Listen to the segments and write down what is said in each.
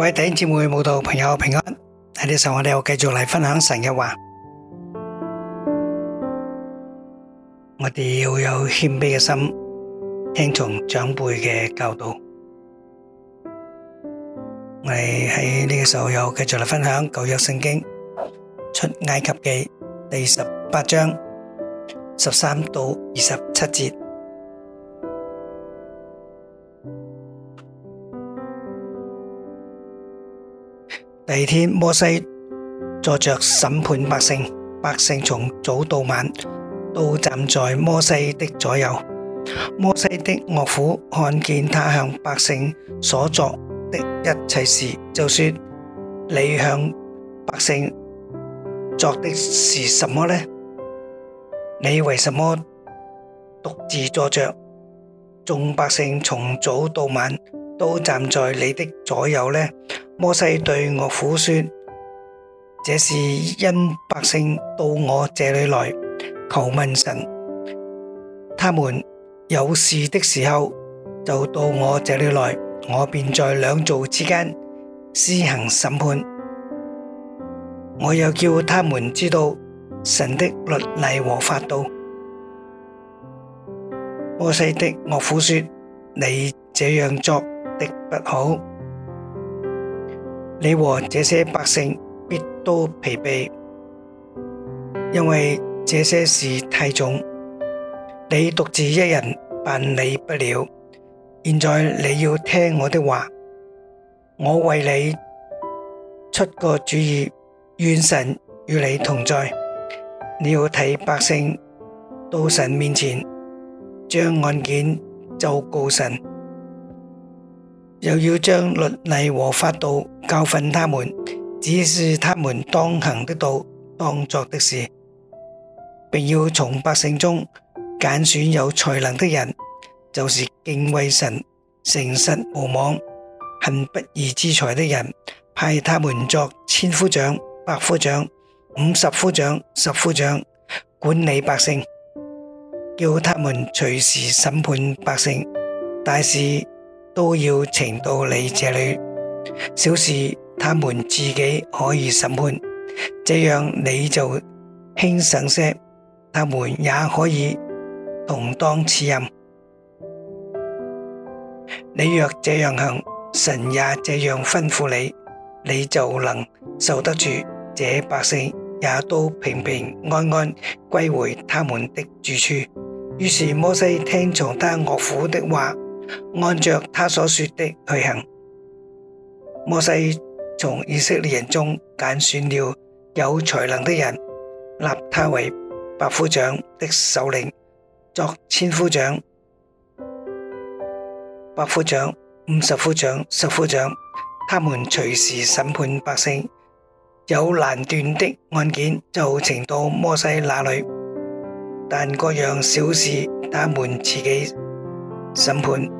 各位弟兄姊妹、慕道朋友平安，喺呢時候我哋又繼續嚟分享神嘅話，我哋要有謙卑嘅心，聽從長輩嘅教導。我哋喺呢個時候又繼續嚟分享舊約聖經出埃及記第十八章十三到二十七節。第二天，摩西坐着審判百姓，百姓從早到晚都站在摩西的左右。摩西的岳父看見他向百姓所作的一切事，就說：你向百姓作的是什麼呢？你為什麼獨自坐着，眾百姓從早到晚都站在你的左右呢？摩西對岳父說：這是因百姓到我這裏來求問神，他們有事的時候就到我這裏來，我便在兩造之間施行審判。我又叫他們知道神的律例和法度。摩西的岳父說：你這樣做的不好。你和這些百姓必都疲憊，因為這些事太重，你獨自一人辦理不了。現在你要聽我的話，我為你出個主意。願神與你同在。你要替百姓到神面前，將案件奏告神。又要將律例和法度教訓他們，指示他們當行的道，當作的事，並要從百姓中揀選有才能的人，就是敬畏神、誠實無妄、恨不義之財的人，派他們作千夫長、百夫長、五十夫長、十夫長，管理百姓，叫他們隨時審判百姓大事。都要呈到你這裏，小事他們自己可以審判，這樣你就輕省些，他們也可以同當此任。你若這樣行，神也這樣吩咐你，你就能受得住，這百姓也都平平安安歸回他們的住處。於是摩西聽從他岳父的話。按着他所說的去行。摩西從以色列人中揀選了有才能的人，立他為百夫長的首領，作千夫長、百夫長、五十夫長、十夫長。他們隨時審判百姓，有難斷的案件就呈到摩西那裏，但各樣小事他們自己審判。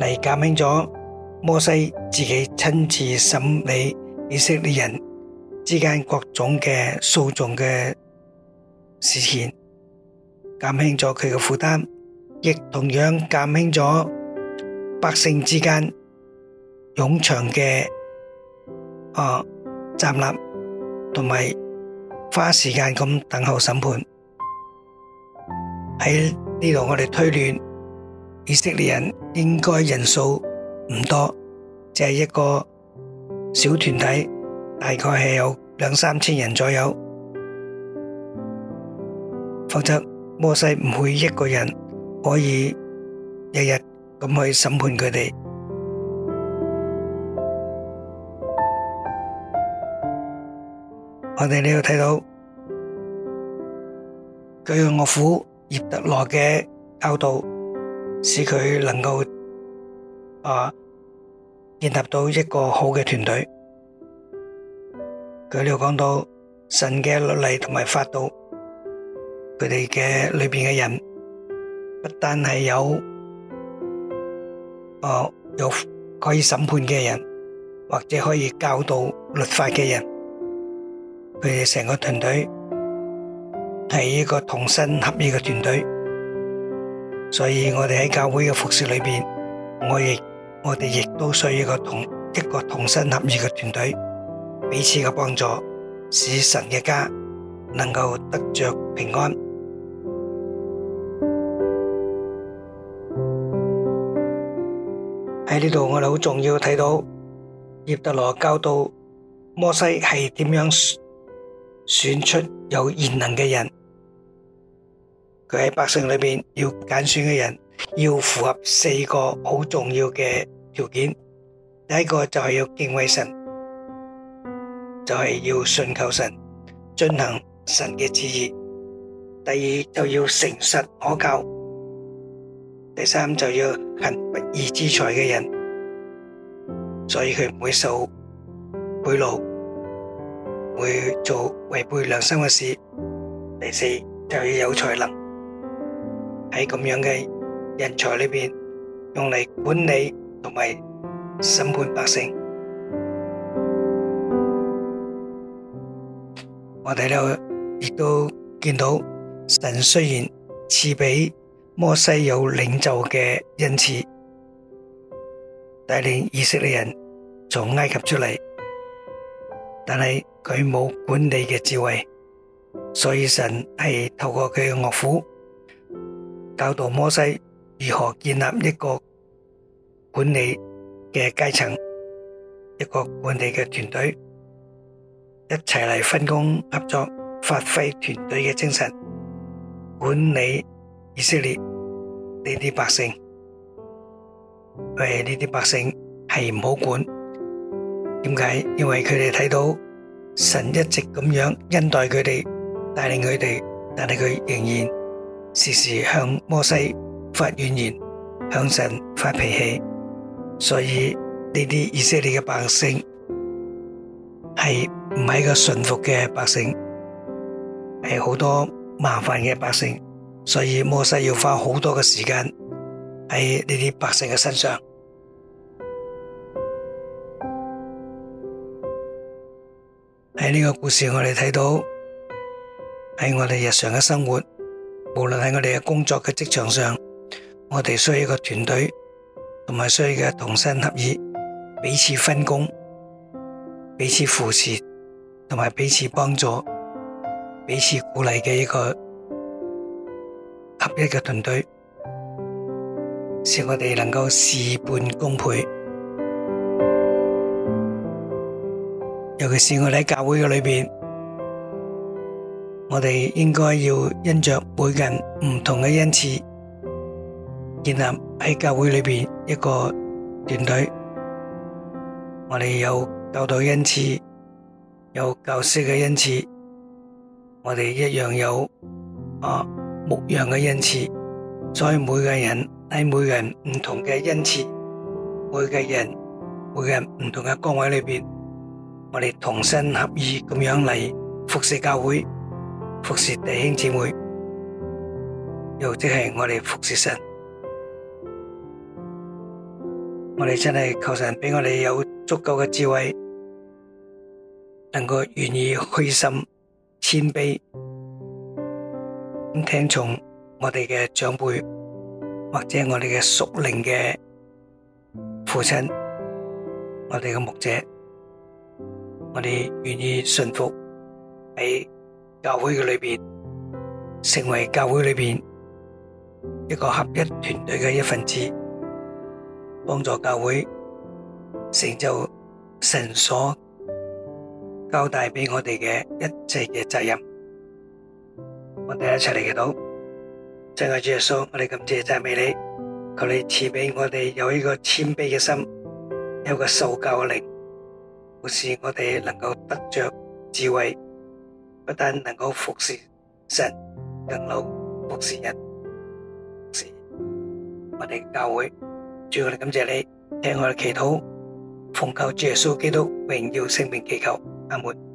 嚟減輕咗摩西自己親自審理以色列人之間各種嘅訴訟嘅事件，減輕咗佢嘅負擔，亦同樣減輕咗百姓之間冗長嘅啊站立同埋花時間咁等候審判。喺呢度，我哋推斷。以色列人應該人數唔多，只係一個小團體，大概係有兩三千人左右，否則摩西唔會一個人可以日日咁去審判佢哋。我哋呢度睇到，佢用岳父葉特羅嘅教導。使佢能夠啊建立到一個好嘅團隊。佢哋又講到神嘅律例同埋法度，佢哋嘅裏邊嘅人，不單係有啊有可以審判嘅人，或者可以教導律法嘅人，佢哋成個團隊係一個同心合意嘅團隊。所以我哋喺教會嘅服事裏面，我亦我也都需要一個同一個同心合意嘅團隊，彼此嘅幫助，使神嘅家能夠得着平安。喺呢度我哋好重要睇到，葉特羅教導摩西係點樣選，選出有賢能嘅人。佢喺百姓裏面要揀選嘅人，要符合四個好重要嘅條件。第一個就係要敬畏神，就係要信靠神，遵行神嘅旨意。第二就要誠實可靠。第三就要恨不義之財嘅人，所以佢唔會受賄賂，唔會做違背良心嘅事。第四就要有才能。喺咁樣嘅人才裏邊，用嚟管理同埋審判百姓。我哋呢度亦都見到神雖然賜俾摩西有領袖嘅恩賜，帶領以色列人從埃及出嚟，但係佢冇管理嘅智慧，所以神係透過佢嘅岳父，教導摩西如何建立一個管理嘅階層，一個管理嘅團隊，一齊嚟分工合作，發揮團隊嘅精神，管理以色列呢啲百姓。誒，呢啲百姓係唔好管，點解？因為佢哋睇到神一直咁樣恩待佢哋，帶領佢哋，但係佢仍然。時時向摩西發怨言，向神發脾氣，所以呢啲以色列嘅百姓係唔係一個順服嘅百姓，係好多麻煩嘅百姓，所以摩西要花好多嘅時間喺呢啲百姓嘅身上。喺呢個故事我哋睇到喺我哋日常嘅生活，無論喺我哋嘅工作嘅職場上，我哋需要一個團隊，同埋需要嘅同心合意，彼此分工，彼此扶持，同埋彼此幫助，彼此鼓勵嘅一個合一嘅團隊，使我哋能夠事半功倍。尤其是我哋喺教會嘅裏面。我哋應該要因着每個人唔同嘅恩賜，建立喺教會裏邊一個團隊。我哋有教導恩賜，有教師嘅恩賜，我哋一樣有啊牧羊嘅恩賜。所以每個人喺每個人唔同嘅恩賜，每個人、每個人唔同嘅崗位裏邊，我哋同心合意咁樣嚟服侍教會。服侍弟兄姊妹，又即係我哋服侍神。我哋真係求神俾我哋有足夠嘅智慧，能夠願意虛心謙卑，咁聽從我哋嘅長輩，或者我哋嘅屬靈嘅父親，我哋嘅牧者，我哋願意順服喺。教會嘅裏邊，成為教會裏邊一個合一團隊嘅一份子，幫助教會成就神所交代俾我哋嘅一切嘅責任。我哋一齊嚟祈禱，讚美主耶穌，我哋感謝讚美你，求你賜俾我哋有一個謙卑嘅心，有一個受教嘅靈，使我哋能夠得着智慧。不但能夠服侍神、敬老、服侍人，同時我哋教會，主，我哋感謝你，聽我哋祈禱，奉求主耶穌基督榮耀聖名祈求，阿門。